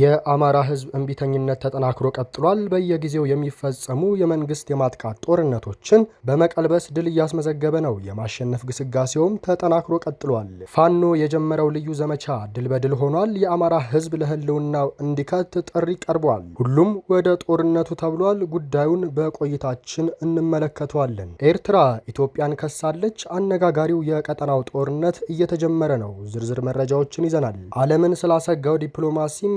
የአማራ ህዝብ እምቢተኝነት ተጠናክሮ ቀጥሏል። በየጊዜው የሚፈጸሙ የመንግስት የማጥቃት ጦርነቶችን በመቀልበስ ድል እያስመዘገበ ነው። የማሸነፍ ግስጋሴውም ተጠናክሮ ቀጥሏል። ፋኖ የጀመረው ልዩ ዘመቻ ድል በድል ሆኗል። የአማራ ህዝብ ለህልውናው እንዲከት ጥሪ ቀርቧል። ሁሉም ወደ ጦርነቱ ተብሏል። ጉዳዩን በቆይታችን እንመለከተዋለን። ኤርትራ ኢትዮጵያን ከሳለች። አነጋጋሪው የቀጠናው ጦርነት እየተጀመረ ነው። ዝርዝር መረጃዎችን ይዘናል። ዓለምን ስላሰጋው ዲፕሎማሲም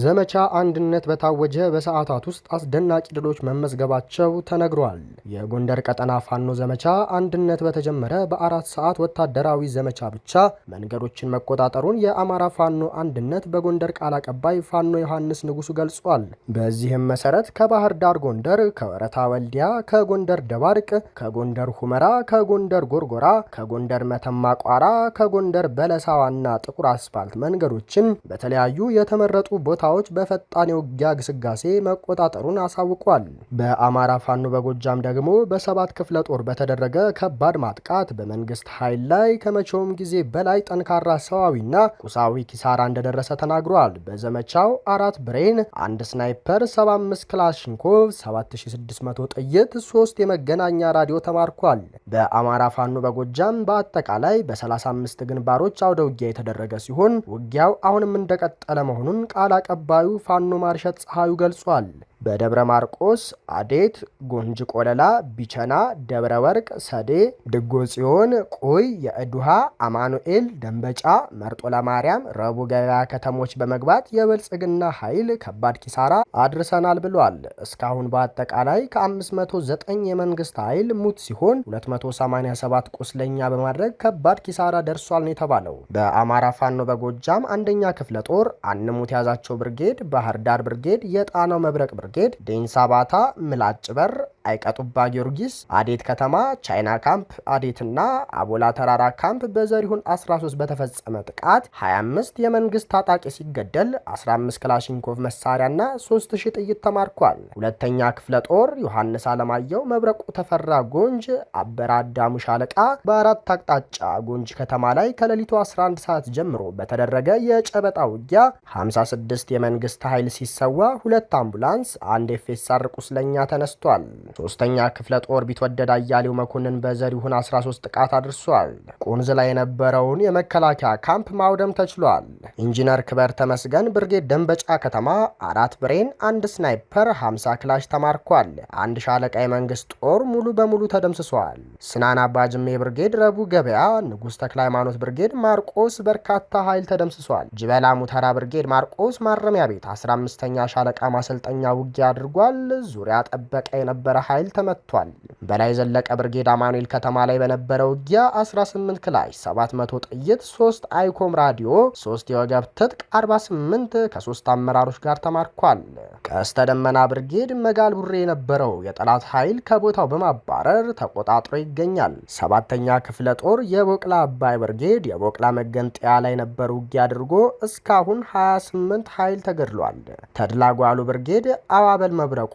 ዘመቻ አንድነት በታወጀ በሰዓታት ውስጥ አስደናቂ ድሎች መመዝገባቸው ተነግሯል። የጎንደር ቀጠና ፋኖ ዘመቻ አንድነት በተጀመረ በአራት ሰዓት ወታደራዊ ዘመቻ ብቻ መንገዶችን መቆጣጠሩን የአማራ ፋኖ አንድነት በጎንደር ቃል አቀባይ ፋኖ ዮሐንስ ንጉሱ ገልጿል። በዚህም መሰረት ከባህር ዳር ጎንደር፣ ከወረታ ወልዲያ፣ ከጎንደር ደባርቅ፣ ከጎንደር ሁመራ፣ ከጎንደር ጎርጎራ፣ ከጎንደር መተማ ቋራ፣ ከጎንደር በለሳዋና ጥቁር አስፋልት መንገዶችን በተለያዩ የተመረጡ ቦታ ቦታዎች በፈጣን የውጊያ ግስጋሴ መቆጣጠሩን አሳውቋል። በአማራ ፋኖ በጎጃም ደግሞ በሰባት ክፍለ ጦር በተደረገ ከባድ ማጥቃት በመንግስት ኃይል ላይ ከመቼውም ጊዜ በላይ ጠንካራ ሰዋዊና ቁሳዊ ኪሳራ እንደደረሰ ተናግሯል። በዘመቻው አራት ብሬን፣ አንድ ስናይፐር፣ 75 ክላሽንኮቭ፣ 7600 ጥይት፣ ሶስት የመገናኛ ራዲዮ ተማርኳል። በአማራ ፋኖ በጎጃም በአጠቃላይ በ35 ግንባሮች አውደ ውጊያ የተደረገ ሲሆን ውጊያው አሁንም እንደቀጠለ መሆኑን ቃል አቀባዩ ፋኖ ማርሸት ፀሐዩ ገልጿል። በደብረ ማርቆስ፣ አዴት፣ ጎንጅ ቆለላ፣ ቢቸና፣ ደብረ ወርቅ፣ ሰዴ፣ ድጎ ጽዮን፣ ቁይ፣ የእዱሃ፣ አማኑኤል፣ ደንበጫ፣ መርጦላ ማርያም፣ ረቡ ገበያ ከተሞች በመግባት የብልጽግና ኃይል ከባድ ኪሳራ አድርሰናል ብሏል። እስካሁን በአጠቃላይ ከ509 የመንግስት ኃይል ሙት ሲሆን 287 ቁስለኛ በማድረግ ከባድ ኪሳራ ደርሷል ነው የተባለው። በአማራ ፋኖ በጎጃም አንደኛ ክፍለ ጦር አንሙት ያዛቸው ብርጌድ፣ ባህር ዳር ብርጌድ፣ የጣናው መብረቅ ብርጌድ ማገድ፣ ዴንሳ ባታ፣ ምላጭ በር አይቀጡባ ጊዮርጊስ፣ አዴት ከተማ፣ ቻይና ካምፕ አዴትና አቦላ ተራራ ካምፕ በዘሪሁን 13 በተፈጸመ ጥቃት 25 የመንግስት ታጣቂ ሲገደል 15 ክላሽንኮቭ መሳሪያና 3000 ጥይት ተማርኳል። ሁለተኛ ክፍለ ጦር ዮሐንስ አለማየሁ መብረቁ ተፈራ ጎንጅ አበራ አዳሙ ሻለቃ በአራት አቅጣጫ ጎንጅ ከተማ ላይ ከሌሊቱ 11 ሰዓት ጀምሮ በተደረገ የጨበጣ ውጊያ 56 የመንግስት ኃይል ሲሰዋ ሁለት አምቡላንስ፣ አንድ የፌሳር ቁስለኛ ተነስቷል። ሶስተኛ ክፍለ ጦር ቢትወደድ አያሌው መኮንን በዘሪሁን 13 ጥቃት አድርሷል። ቁንዝ ላይ የነበረውን የመከላከያ ካምፕ ማውደም ተችሏል። ኢንጂነር ክበር ተመስገን ብርጌድ ደንበጫ ከተማ አራት ብሬን፣ አንድ ስናይፐር፣ 50 ክላሽ ተማርኳል። አንድ ሻለቃ የመንግስት ጦር ሙሉ በሙሉ ተደምስሷል። ስናን አባጅሜ ብርጌድ ረቡ ገበያ፣ ንጉሥ ተክለ ሃይማኖት ብርጌድ ማርቆስ በርካታ ኃይል ተደምስሷል። ጅበላ ሙተራ ብርጌድ ማርቆስ ማረሚያ ቤት 15ኛ ሻለቃ ማሰልጠኛ ውጊያ አድርጓል። ዙሪያ ጠበቀ የነበረ ኃይል ተመቷል። በላይ ዘለቀ ብርጌድ አማኑኤል ከተማ ላይ በነበረው ውጊያ 18 ክላሽ፣ 700 ጥይት፣ 3 አይኮም ራዲዮ፣ 3 የወገብ ትጥቅ፣ 48 ከ3 አመራሮች ጋር ተማርኳል። ቀስተ ደመና ብርጌድ መጋል ቡሬ የነበረው የጠላት ኃይል ከቦታው በማባረር ተቆጣጥሮ ይገኛል። ሰባተኛ ክፍለ ጦር የቦቅላ አባይ ብርጌድ የቦቅላ መገንጠያ ላይ ነበር ውጊያ አድርጎ እስካሁን 28 ኃይል ተገድሏል። ተድላጓሉ ብርጌድ አባበል መብረቁ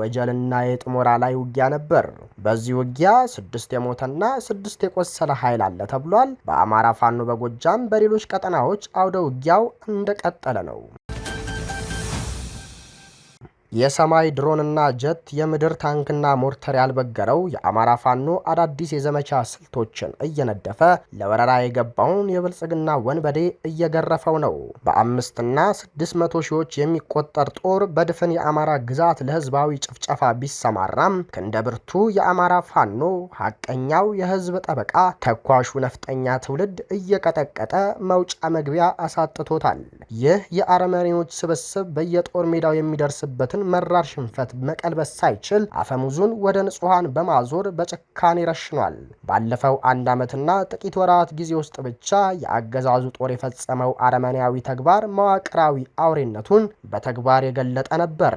ወጀልና የጥሞ ሞራ ላይ ውጊያ ነበር። በዚህ ውጊያ ስድስት የሞተና ስድስት የቆሰለ ኃይል አለ ተብሏል። በአማራ ፋኖ በጎጃም በሌሎች ቀጠናዎች አውደ ውጊያው እንደቀጠለ ነው። የሰማይ ድሮንና ጀት የምድር ታንክና ሞርተር ያልበገረው የአማራ ፋኖ አዳዲስ የዘመቻ ስልቶችን እየነደፈ ለወረራ የገባውን የብልጽግና ወንበዴ እየገረፈው ነው። በአምስትና ስድስት መቶ ሺዎች የሚቆጠር ጦር በድፍን የአማራ ግዛት ለህዝባዊ ጭፍጨፋ ቢሰማራም ክንደ ብርቱ የአማራ ፋኖ ሀቀኛው የህዝብ ጠበቃ ተኳሹ ነፍጠኛ ትውልድ እየቀጠቀጠ መውጫ መግቢያ አሳጥቶታል። ይህ የአረመኔዎች ስብስብ በየጦር ሜዳው የሚደርስበትን የደረሰበትን መራር ሽንፈት መቀልበስ ሳይችል አፈሙዙን ወደ ንጹሐን በማዞር በጭካኔ ረሽኗል። ባለፈው አንድ ዓመትና ጥቂት ወራት ጊዜ ውስጥ ብቻ የአገዛዙ ጦር የፈጸመው አረመኔያዊ ተግባር መዋቅራዊ አውሬነቱን በተግባር የገለጠ ነበር።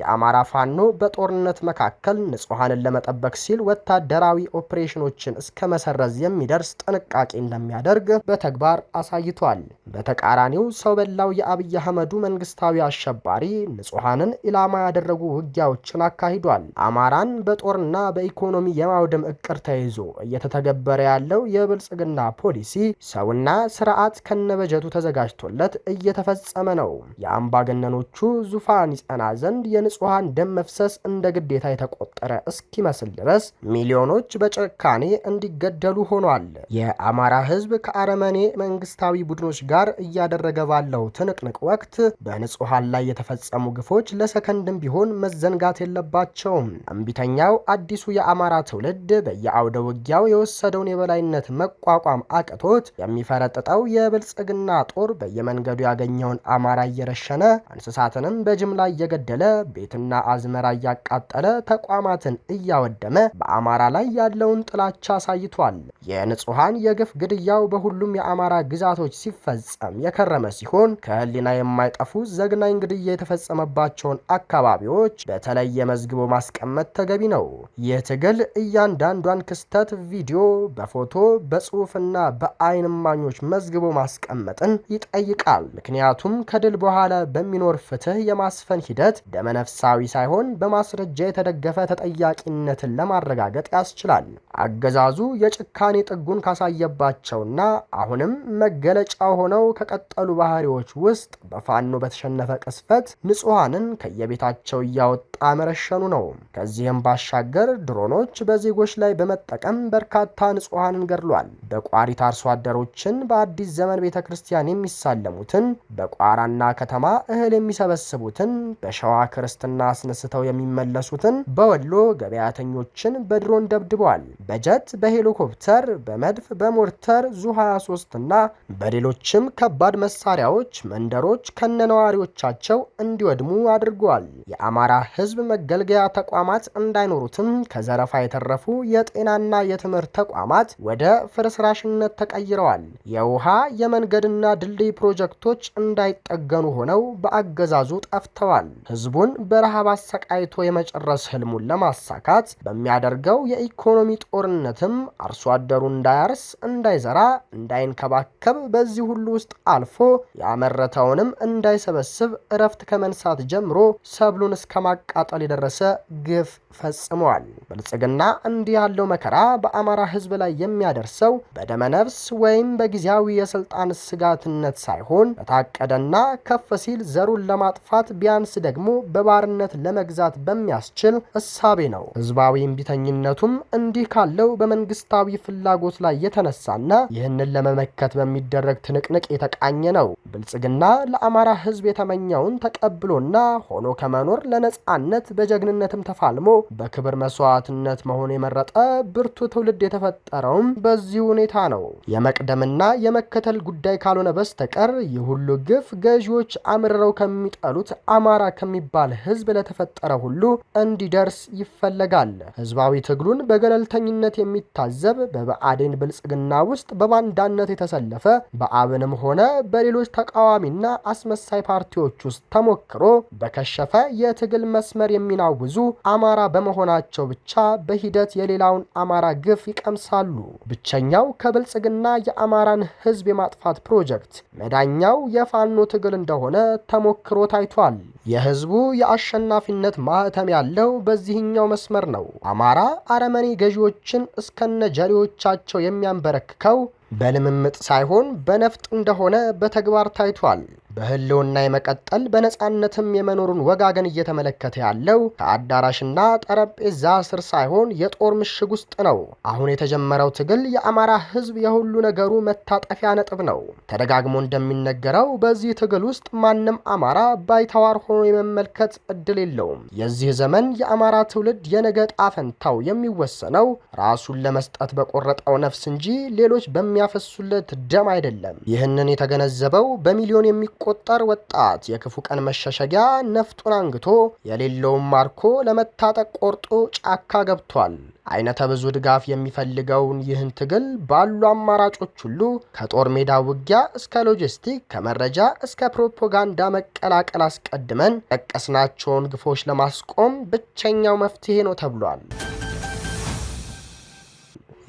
የአማራ ፋኖ በጦርነት መካከል ንጹሐንን ለመጠበቅ ሲል ወታደራዊ ኦፕሬሽኖችን እስከ መሰረዝ የሚደርስ ጥንቃቄ እንደሚያደርግ በተግባር አሳይቷል። በተቃራኒው ሰው በላው የአብይ አህመዱ መንግስታዊ አሸባሪ ንጹሐንን ኢላማ ያደረጉ ውጊያዎችን አካሂዷል። አማራን በጦርና በኢኮኖሚ የማውደም እቅድ ተይዞ እየተተገበረ ያለው የብልጽግና ፖሊሲ ሰውና ስርዓት ከነበጀቱ ተዘጋጅቶለት እየተፈጸመ ነው። የአምባገነኖቹ ዙፋን ይጸና ዘንድ የንጹሐን ደም መፍሰስ እንደ ግዴታ የተቆጠረ እስኪመስል ድረስ ሚሊዮኖች በጭካኔ እንዲገደሉ ሆኗል። የአማራ ህዝብ ከአረመኔ መንግስታዊ ቡድኖች ጋር እያደረገ ባለው ትንቅንቅ ወቅት በንጹሐን ላይ የተፈጸሙ ግፎች ለሰከንድም ቢሆን መዘንጋት የለባቸውም። እምቢተኛው አዲሱ የአማራ ትውልድ በየአውደ ውጊያው የወሰደውን የበላይነት መቋቋም አቅቶት የሚፈረጥጠው የብልጽግና ጦር በየመንገዱ ያገኘውን አማራ እየረሸነ እንስሳትንም በጅምላ እየገደለ ቤትና አዝመራ እያቃጠለ ተቋማትን እያወደመ በአማራ ላይ ያለውን ጥላቻ አሳይቷል። የንጹሐን የግፍ ግድያው በሁሉም የአማራ ግዛቶች ሲፈጸም የከረመ ሲሆን ከህሊና የማይጠፉ ዘግናኝ ግድያ የተፈጸመባቸውን አካባቢዎች በተለየ መዝግቦ ማስቀመጥ ተገቢ ነው። ይህ ትግል እያንዳንዷን ክስተት ቪዲዮ በፎቶ በጽሁፍና በአይን እማኞች መዝግቦ ማስቀመጥን ይጠይቃል። ምክንያቱም ከድል በኋላ በሚኖር ፍትህ የማስፈን ሂደት ደመነ ነፍሳዊ ሳይሆን በማስረጃ የተደገፈ ተጠያቂነትን ለማረጋገጥ ያስችላል። አገዛዙ የጭካኔ ጥጉን ካሳየባቸውና አሁንም መገለጫ ሆነው ከቀጠሉ ባህሪዎች ውስጥ በፋኖ በተሸነፈ ቅስፈት ንጹሐንን ከየቤታቸው እያወጣ መረሸኑ ነው። ከዚህም ባሻገር ድሮኖች በዜጎች ላይ በመጠቀም በርካታ ንጹሐንን ገድሏል። በቋሪት አርሶ አደሮችን፣ በአዲስ ዘመን ቤተ ክርስቲያን የሚሳለሙትን፣ በቋራና ከተማ እህል የሚሰበስቡትን፣ በሸዋ ክር ክርስትና አስነስተው የሚመለሱትን በወሎ ገበያተኞችን በድሮን ደብድበዋል። በጀት በሄሊኮፕተር በመድፍ በሞርተር ዙ 23 እና በሌሎችም ከባድ መሳሪያዎች መንደሮች ከነነዋሪዎቻቸው እንዲወድሙ አድርጓል። የአማራ ሕዝብ መገልገያ ተቋማት እንዳይኖሩትም ከዘረፋ የተረፉ የጤናና የትምህርት ተቋማት ወደ ፍርስራሽነት ተቀይረዋል። የውሃ የመንገድና ድልድይ ፕሮጀክቶች እንዳይጠገኑ ሆነው በአገዛዙ ጠፍተዋል። ሕዝቡን በረሃብ አሰቃይቶ የመጨረስ ህልሙን ለማሳካት በሚያደርገው የኢኮኖሚ ጦርነትም አርሶ አደሩ እንዳያርስ፣ እንዳይዘራ፣ እንዳይንከባከብ በዚህ ሁሉ ውስጥ አልፎ ያመረተውንም እንዳይሰበስብ እረፍት ከመንሳት ጀምሮ ሰብሉን እስከ ማቃጠል የደረሰ ግፍ ፈጽመዋል። ብልጽግና እንዲህ ያለው መከራ በአማራ ህዝብ ላይ የሚያደርሰው በደመነፍስ ወይም በጊዜያዊ የስልጣን ስጋትነት ሳይሆን በታቀደና ከፍ ሲል ዘሩን ለማጥፋት ቢያንስ ደግሞ በ በባርነት ለመግዛት በሚያስችል እሳቤ ነው። ህዝባዊ እምቢተኝነቱም እንዲህ ካለው በመንግስታዊ ፍላጎት ላይ የተነሳና ይህንን ለመመከት በሚደረግ ትንቅንቅ የተቃኘ ነው። ብልጽግና ለአማራ ህዝብ የተመኘውን ተቀብሎና ሆኖ ከመኖር ለነጻነት በጀግንነትም ተፋልሞ በክብር መስዋዕትነት መሆን የመረጠ ብርቱ ትውልድ የተፈጠረውም በዚህ ሁኔታ ነው። የመቅደምና የመከተል ጉዳይ ካልሆነ በስተቀር ሁሉ ግፍ ገዢዎች አምርረው ከሚጠሉት አማራ ከሚባል ህዝብ ለተፈጠረ ሁሉ እንዲደርስ ይፈለጋል። ህዝባዊ ትግሉን በገለልተኝነት የሚታዘብ በብአዴን ብልጽግና ውስጥ በባንዳነት የተሰለፈ በአብንም ሆነ በሌሎች ተቃዋሚና አስመሳይ ፓርቲዎች ውስጥ ተሞክሮ በከሸፈ የትግል መስመር የሚናውዙ አማራ በመሆናቸው ብቻ በሂደት የሌላውን አማራ ግፍ ይቀምሳሉ። ብቸኛው ከብልጽግና የአማራን ህዝብ የማጥፋት ፕሮጀክት መዳኛው የፋኖ ትግል እንደሆነ ተሞክሮ ታይቷል። የህዝቡ የአሸናፊነት ማህተም ያለው በዚህኛው መስመር ነው። አማራ አረመኔ ገዢዎችን እስከነ ጀሌዎቻቸው የሚያንበረክከው በልምምጥ ሳይሆን በነፍጥ እንደሆነ በተግባር ታይቷል። በህልውና የመቀጠል በነፃነትም የመኖሩን ወጋገን እየተመለከተ ያለው ከአዳራሽና ጠረጴዛ ስር ሳይሆን የጦር ምሽግ ውስጥ ነው። አሁን የተጀመረው ትግል የአማራ ህዝብ የሁሉ ነገሩ መታጠፊያ ነጥብ ነው። ተደጋግሞ እንደሚነገረው በዚህ ትግል ውስጥ ማንም አማራ ባይተዋር ሆኖ የመመልከት እድል የለውም። የዚህ ዘመን የአማራ ትውልድ የነገ ጣፈንታው የሚወሰነው ራሱን ለመስጠት በቆረጠው ነፍስ እንጂ ሌሎች በሚያፈሱለት ደም አይደለም። ይህንን የተገነዘበው በሚሊዮን የሚቆ የሚቆጠር ወጣት የክፉ ቀን መሸሸጊያ ነፍጡን አንግቶ የሌለውን ማርኮ ለመታጠቅ ቆርጦ ጫካ ገብቷል። አይነተ ብዙ ድጋፍ የሚፈልገውን ይህን ትግል ባሉ አማራጮች ሁሉ ከጦር ሜዳ ውጊያ እስከ ሎጂስቲክ፣ ከመረጃ እስከ ፕሮፓጋንዳ መቀላቀል አስቀድመን ጠቀስናቸውን ግፎች ለማስቆም ብቸኛው መፍትሄ ነው ተብሏል።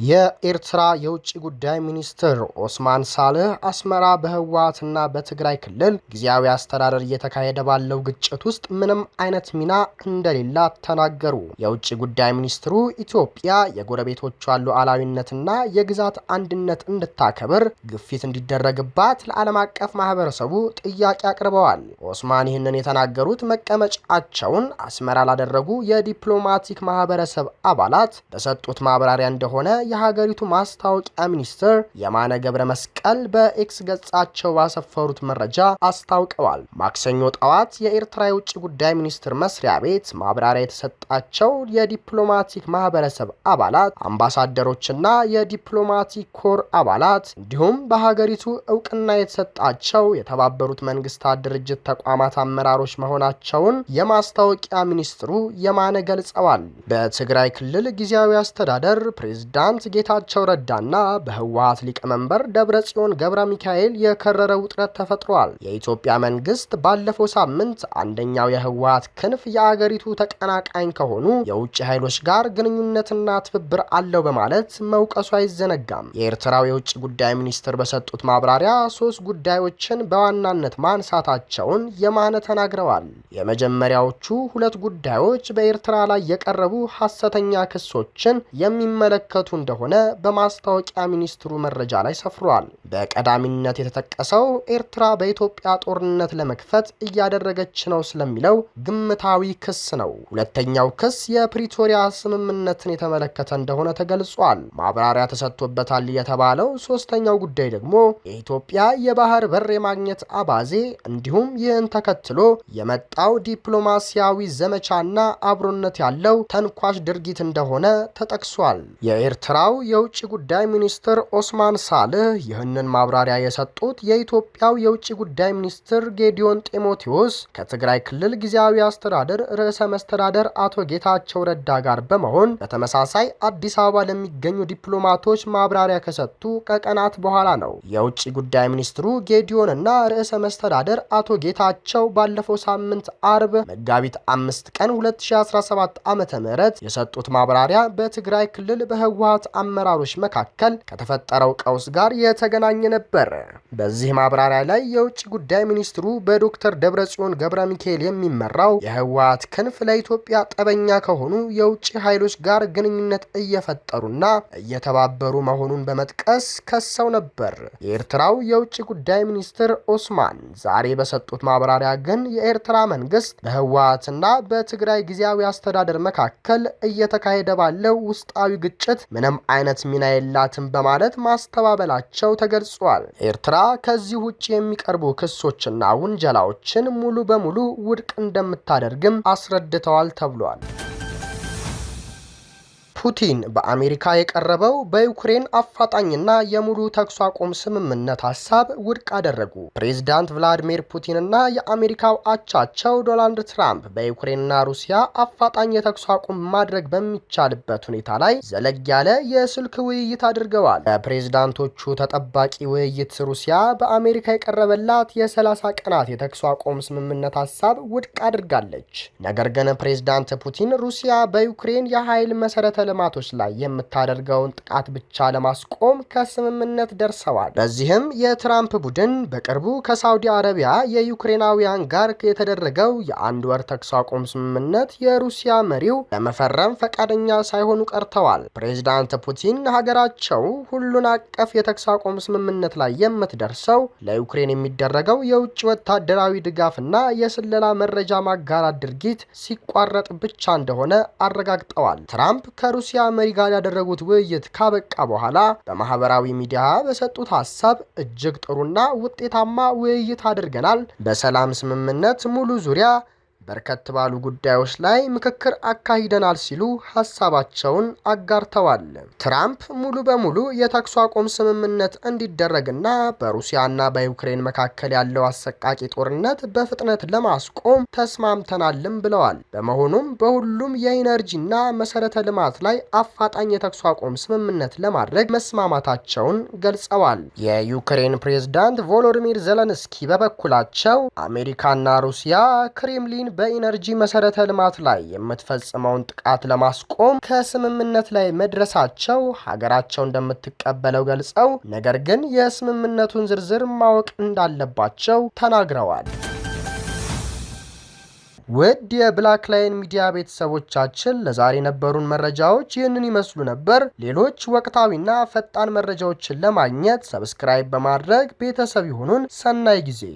የኤርትራ የውጭ ጉዳይ ሚኒስትር ኦስማን ሳልህ አስመራ በህወሓትና በትግራይ ክልል ጊዜያዊ አስተዳደር እየተካሄደ ባለው ግጭት ውስጥ ምንም አይነት ሚና እንደሌላ ተናገሩ። የውጭ ጉዳይ ሚኒስትሩ ኢትዮጵያ የጎረቤቶቿን ሉዓላዊነትና የግዛት አንድነት እንድታከብር ግፊት እንዲደረግባት ለዓለም አቀፍ ማህበረሰቡ ጥያቄ አቅርበዋል። ኦስማን ይህንን የተናገሩት መቀመጫቸውን አስመራ ላደረጉ የዲፕሎማቲክ ማህበረሰብ አባላት በሰጡት ማብራሪያ እንደሆነ የሀገሪቱ ማስታወቂያ ሚኒስትር የማነ ገብረ መስቀል በኤክስ ገጻቸው ባሰፈሩት መረጃ አስታውቀዋል። ማክሰኞ ጠዋት የኤርትራ የውጭ ጉዳይ ሚኒስቴር መስሪያ ቤት ማብራሪያ የተሰጣቸው የዲፕሎማቲክ ማህበረሰብ አባላት አምባሳደሮችና የዲፕሎማቲክ ኮር አባላት እንዲሁም በሀገሪቱ እውቅና የተሰጣቸው የተባበሩት መንግስታት ድርጅት ተቋማት አመራሮች መሆናቸውን የማስታወቂያ ሚኒስትሩ የማነ ገልጸዋል። በትግራይ ክልል ጊዜያዊ አስተዳደር ፕሬዝዳንት ፕሬዝዳንት ጌታቸው ረዳና በህወሀት ሊቀመንበር ደብረ ጽዮን ገብረ ሚካኤል የከረረ ውጥረት ተፈጥሯል። የኢትዮጵያ መንግስት ባለፈው ሳምንት አንደኛው የህወሀት ክንፍ የአገሪቱ ተቀናቃኝ ከሆኑ የውጭ ኃይሎች ጋር ግንኙነትና ትብብር አለው በማለት መውቀሱ አይዘነጋም። የኤርትራው የውጭ ጉዳይ ሚኒስትር በሰጡት ማብራሪያ ሶስት ጉዳዮችን በዋናነት ማንሳታቸውን የማነ ተናግረዋል። የመጀመሪያዎቹ ሁለት ጉዳዮች በኤርትራ ላይ የቀረቡ ሀሰተኛ ክሶችን የሚመለከቱ እንደሆነ በማስታወቂያ ሚኒስትሩ መረጃ ላይ ሰፍሯል። በቀዳሚነት የተጠቀሰው ኤርትራ በኢትዮጵያ ጦርነት ለመክፈት እያደረገች ነው ስለሚለው ግምታዊ ክስ ነው። ሁለተኛው ክስ የፕሪቶሪያ ስምምነትን የተመለከተ እንደሆነ ተገልጿል። ማብራሪያ ተሰጥቶበታል የተባለው ሶስተኛው ጉዳይ ደግሞ የኢትዮጵያ የባህር በር የማግኘት አባዜ እንዲሁም ይህን ተከትሎ የመጣው ዲፕሎማሲያዊ ዘመቻና አብሮነት ያለው ተንኳሽ ድርጊት እንደሆነ ተጠቅሷል። የኤርትራ የኤርትራው የውጭ ጉዳይ ሚኒስትር ኦስማን ሳልህ ይህንን ማብራሪያ የሰጡት የኢትዮጵያው የውጭ ጉዳይ ሚኒስትር ጌዲዮን ጢሞቴዎስ ከትግራይ ክልል ጊዜያዊ አስተዳደር ርዕሰ መስተዳደር አቶ ጌታቸው ረዳ ጋር በመሆን በተመሳሳይ አዲስ አበባ ለሚገኙ ዲፕሎማቶች ማብራሪያ ከሰጡ ከቀናት በኋላ ነው። የውጭ ጉዳይ ሚኒስትሩ ጌዲዮን እና ርዕሰ መስተዳደር አቶ ጌታቸው ባለፈው ሳምንት አርብ መጋቢት አምስት ቀን 2017 ም የሰጡት ማብራሪያ በትግራይ ክልል በህወሀት አመራሮች መካከል ከተፈጠረው ቀውስ ጋር የተገናኘ ነበር። በዚህ ማብራሪያ ላይ የውጭ ጉዳይ ሚኒስትሩ በዶክተር ደብረጽዮን ገብረ ሚካኤል የሚመራው የህወሀት ክንፍ ለኢትዮጵያ ጠበኛ ከሆኑ የውጭ ኃይሎች ጋር ግንኙነት እየፈጠሩና እየተባበሩ መሆኑን በመጥቀስ ከሰው ነበር። የኤርትራው የውጭ ጉዳይ ሚኒስትር ኦስማን ዛሬ በሰጡት ማብራሪያ ግን የኤርትራ መንግስት በህወሀትና በትግራይ ጊዜያዊ አስተዳደር መካከል እየተካሄደ ባለው ውስጣዊ ግጭት ምን ምንም አይነት ሚና የላትም በማለት ማስተባበላቸው ተገልጿል። ኤርትራ ከዚህ ውጭ የሚቀርቡ ክሶችና ውንጀላዎችን ሙሉ በሙሉ ውድቅ እንደምታደርግም አስረድተዋል ተብሏል። ፑቲን በአሜሪካ የቀረበው በዩክሬን አፋጣኝና የሙሉ ተኩስ አቁም ስምምነት ሀሳብ ውድቅ አደረጉ። ፕሬዚዳንት ቭላዲሚር ፑቲንና የአሜሪካው አቻቸው ዶናልድ ትራምፕ በዩክሬንና ሩሲያ አፋጣኝ የተኩስ አቁም ማድረግ በሚቻልበት ሁኔታ ላይ ዘለግ ያለ የስልክ ውይይት አድርገዋል። በፕሬዝዳንቶቹ ተጠባቂ ውይይት ሩሲያ በአሜሪካ የቀረበላት የ30 ቀናት የተኩስ አቁም ስምምነት ሀሳብ ውድቅ አድርጋለች። ነገር ግን ፕሬዝዳንት ፑቲን ሩሲያ በዩክሬን የኃይል መሰረተ ልማቶች ላይ የምታደርገውን ጥቃት ብቻ ለማስቆም ከስምምነት ደርሰዋል። በዚህም የትራምፕ ቡድን በቅርቡ ከሳውዲ አረቢያ የዩክሬናውያን ጋር የተደረገው የአንድ ወር ተኩስ አቁም ስምምነት የሩሲያ መሪው ለመፈረም ፈቃደኛ ሳይሆኑ ቀርተዋል። ፕሬዚዳንት ፑቲን ሀገራቸው ሁሉን አቀፍ የተኩስ አቁም ስምምነት ላይ የምትደርሰው ለዩክሬን የሚደረገው የውጭ ወታደራዊ ድጋፍና የስለላ መረጃ ማጋራት ድርጊት ሲቋረጥ ብቻ እንደሆነ አረጋግጠዋል። ትራምፕ ከሩ ከሩሲያ መሪ ጋር ያደረጉት ውይይት ካበቃ በኋላ በማህበራዊ ሚዲያ በሰጡት ሀሳብ እጅግ ጥሩና ውጤታማ ውይይት አድርገናል። በሰላም ስምምነት ሙሉ ዙሪያ በርከት ባሉ ጉዳዮች ላይ ምክክር አካሂደናል ሲሉ ሀሳባቸውን አጋርተዋል። ትራምፕ ሙሉ በሙሉ የተኩስ አቁም ስምምነት እንዲደረግና በሩሲያና በዩክሬን መካከል ያለው አሰቃቂ ጦርነት በፍጥነት ለማስቆም ተስማምተናልም ብለዋል። በመሆኑም በሁሉም የኢነርጂና መሰረተ ልማት ላይ አፋጣኝ የተኩስ አቁም ስምምነት ለማድረግ መስማማታቸውን ገልጸዋል። የዩክሬን ፕሬዝዳንት ቮሎዲሚር ዘለንስኪ በበኩላቸው አሜሪካና ሩሲያ ክሬምሊን በኢነርጂ መሰረተ ልማት ላይ የምትፈጽመውን ጥቃት ለማስቆም ከስምምነት ላይ መድረሳቸው ሀገራቸው እንደምትቀበለው ገልጸው ነገር ግን የስምምነቱን ዝርዝር ማወቅ እንዳለባቸው ተናግረዋል። ውድ የብላክ ላይን ሚዲያ ቤተሰቦቻችን ለዛሬ የነበሩን መረጃዎች ይህንን ይመስሉ ነበር። ሌሎች ወቅታዊና ፈጣን መረጃዎችን ለማግኘት ሰብስክራይብ በማድረግ ቤተሰብ ይሁኑን። ሰናይ ጊዜ